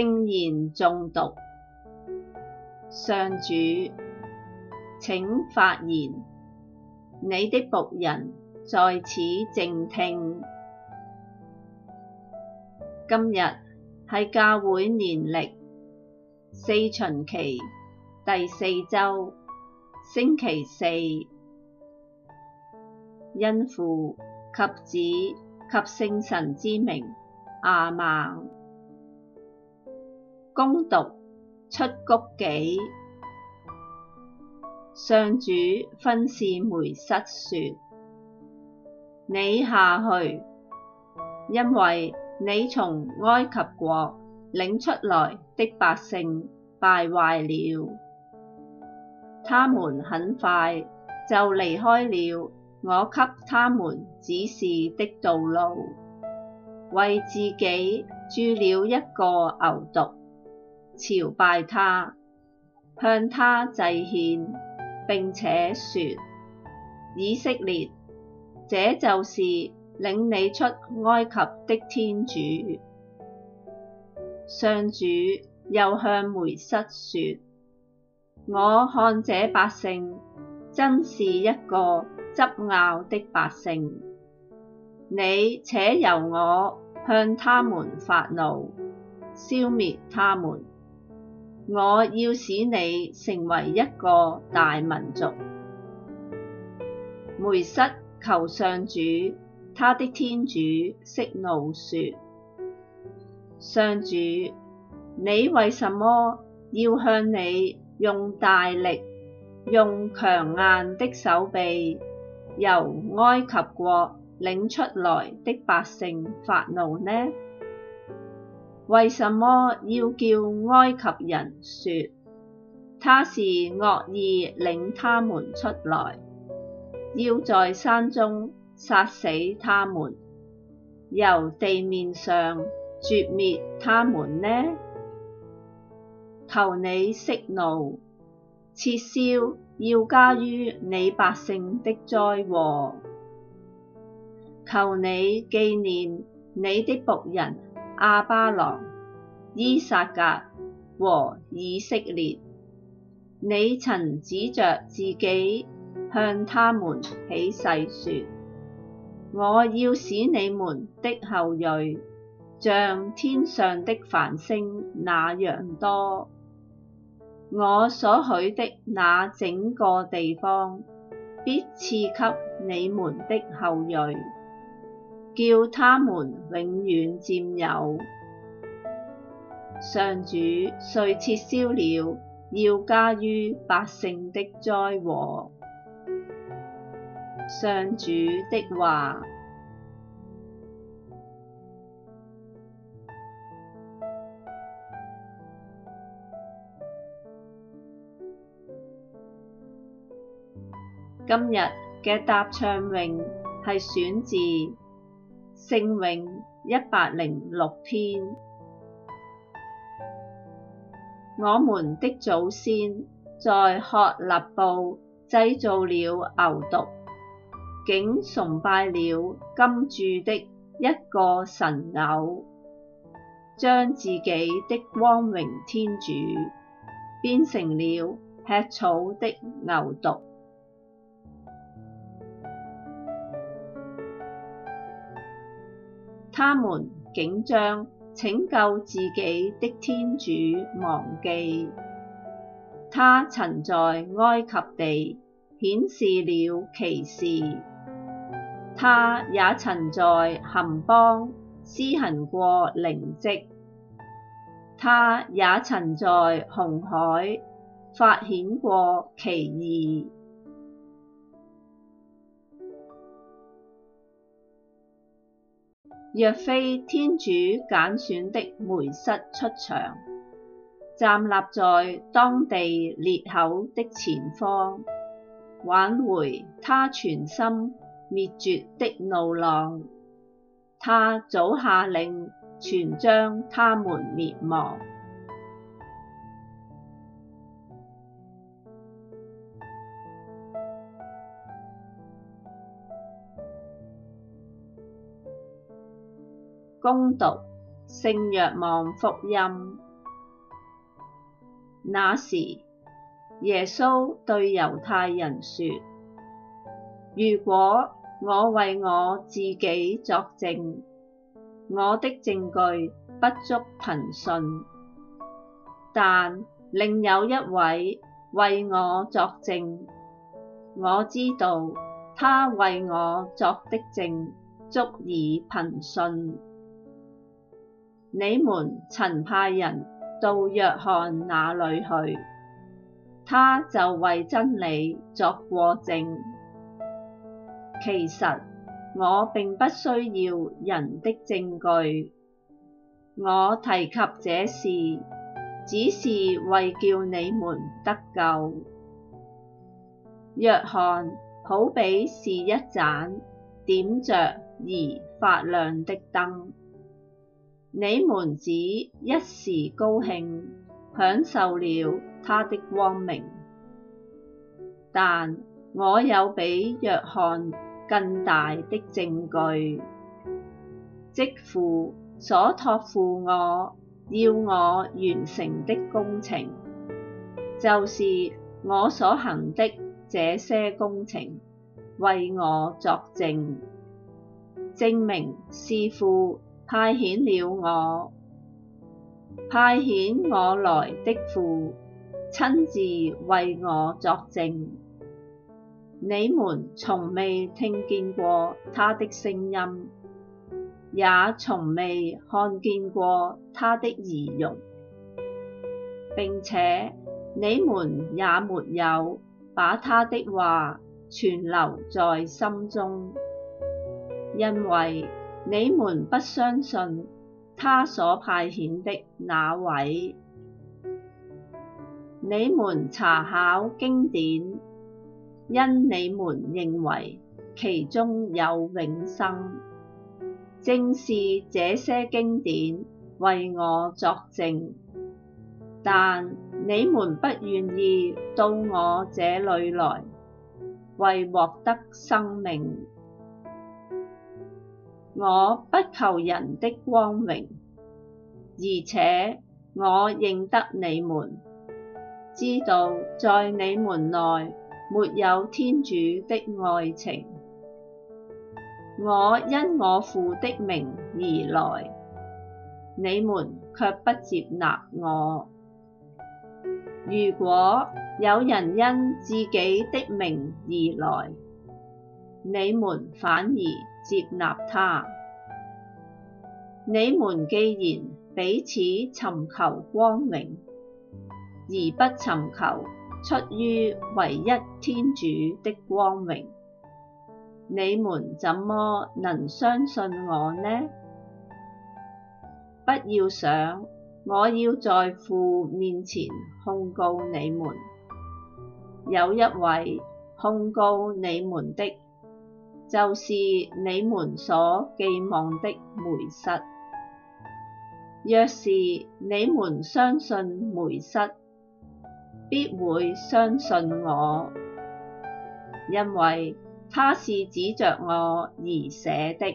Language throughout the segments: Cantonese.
正言誦讀，上主，請發言，你的僕人在此靜聽。今日係教會年曆四旬期第四周，星期四，因父及子及聖神之名，阿們。恭讀出谷紀，上主訓示梅瑟說：你下去，因為你從埃及國領出來的百姓敗壞了，他們很快就離開了我給他們指示的道路，為自己鑄了一個牛犢。朝拜他，向他祭獻，並且說：以色列，這就是領你出埃及的天主。上主又向梅瑟說：我看這百姓真是一個執拗的百姓，你且由我向他們發怒，消滅他們。我要使你成為一個大民族。梅瑟求上主，他的天主息怒說：上主，你為什麼要向你用大力、用強硬的手臂，由埃及國領出來的百姓發怒呢？為什麼要叫埃及人說，他是惡意領他們出來，要在山中殺死他們，由地面上絕滅他們呢？求你息怒，撤銷要加於你百姓的災禍。求你紀念你的僕人。亞巴郎、依撒格和以色列，你曾指着自己向他們起誓説：我要使你們的後裔像天上的繁星那樣多。我所許的那整個地方，必賜給你們的後裔。叫他們永遠佔有。上主遂撤銷了要加於百姓的災禍。上主的話，今日嘅答唱詠係選自。聖詠一百零六篇，我們的祖先在曷勒布製造了牛犢，竟崇拜了金鑄的一個神偶，將自己的光榮天主變成了吃草的牛犢。他們竟將拯救自己的天主忘記，他曾在埃及地顯示了奇事，他也曾在含邦施行過靈蹟，他也曾在紅海發顯過奇異。若非天主揀選的梅瑟出場，站立在當地裂口的前方，挽回他存心滅絕的怒浪，他早下令全將他們滅亡。恭讀聖若望福音。那時，耶穌對猶太人説：如果我為我自己作證，我的證據不足憑信；但另有一位為我作證，我知道他為我作的證足以憑信。你們曾派人到若翰那裏去，他就為真理作過證。其實我並不需要人的證據，我提及這事，只是為叫你們得救。若翰好比是一盞點着而發亮的燈。你們只一時高興享受了他的光明，但我有比若翰更大的證據，即父所託付我要我完成的工程，就是我所行的這些工程，為我作證，證明是父。派遣了我，派遣我來的父親自為我作證，你們從未聽見過他的聲音，也從未看見過他的儀容，並且你們也沒有把他的話存留在心中，因為。你們不相信他所派遣的那位，你們查考經典，因你們認為其中有永生。正是這些經典為我作證，但你們不願意到我這裏來，為獲得生命。我不求人的光榮，而且我認得你們，知道在你們內沒有天主的愛情。我因我父的名而來，你們却不接納我。如果有人因自己的名而來，你們反而接納他。你們既然彼此尋求光榮，而不尋求出於唯一天主的光榮，你們怎麼能相信我呢？不要想我要在父面前控告你們，有一位控告你們的。就是你們所寄望的梅瑟。若是你們相信梅瑟，必會相信我，因為他是指着我而寫的。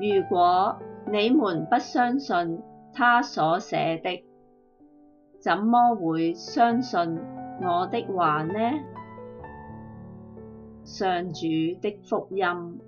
如果你們不相信他所寫的，怎麼會相信我的話呢？上主的福音。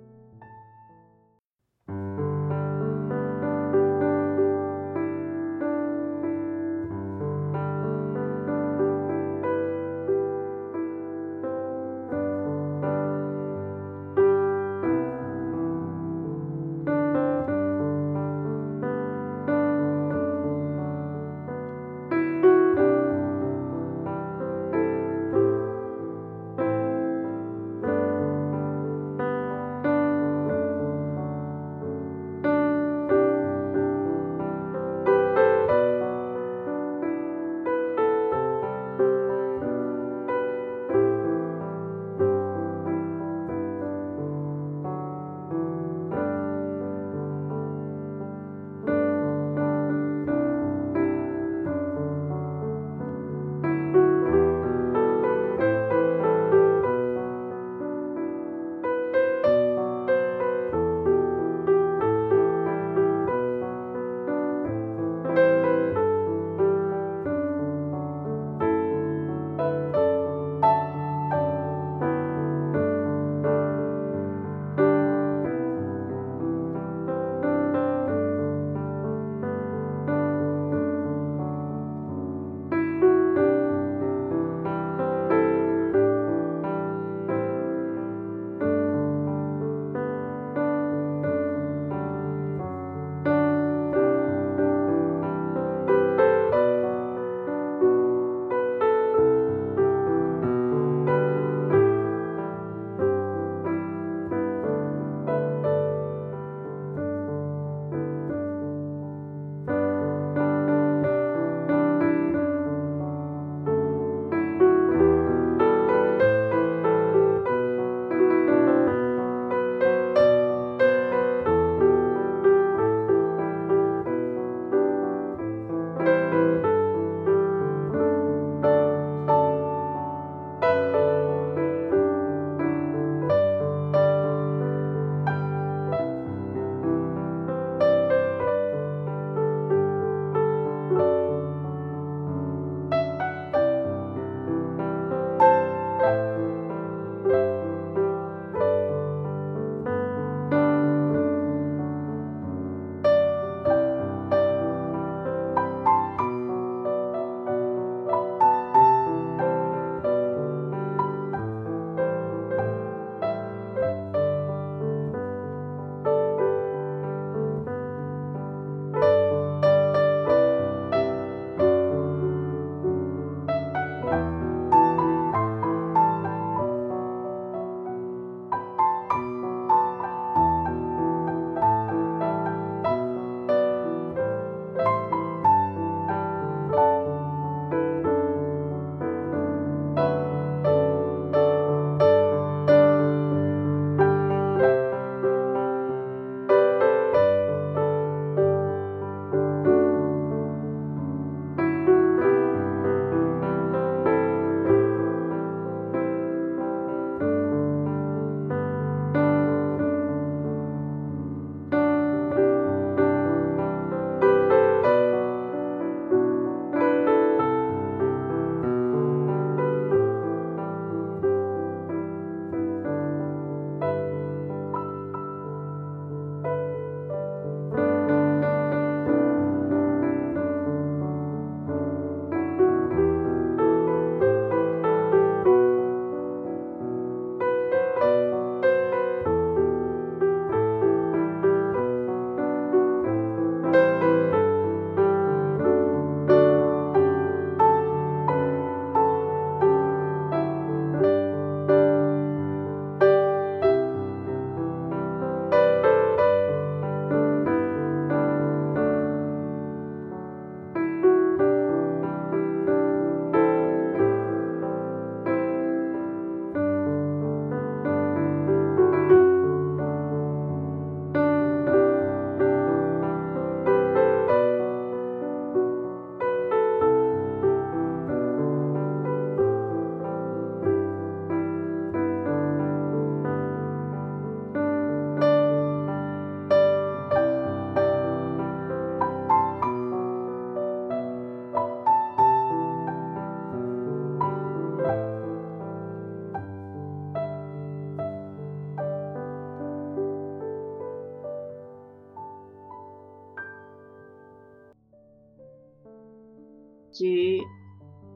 主，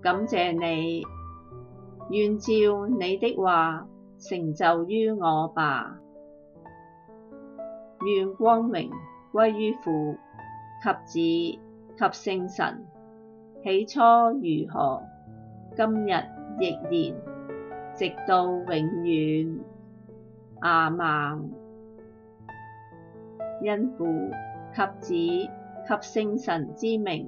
感謝你，願照你的話成就於我吧。願光榮歸於父及子及聖神，起初如何，今日亦然，直到永遠。阿們。因父及子及聖神之名。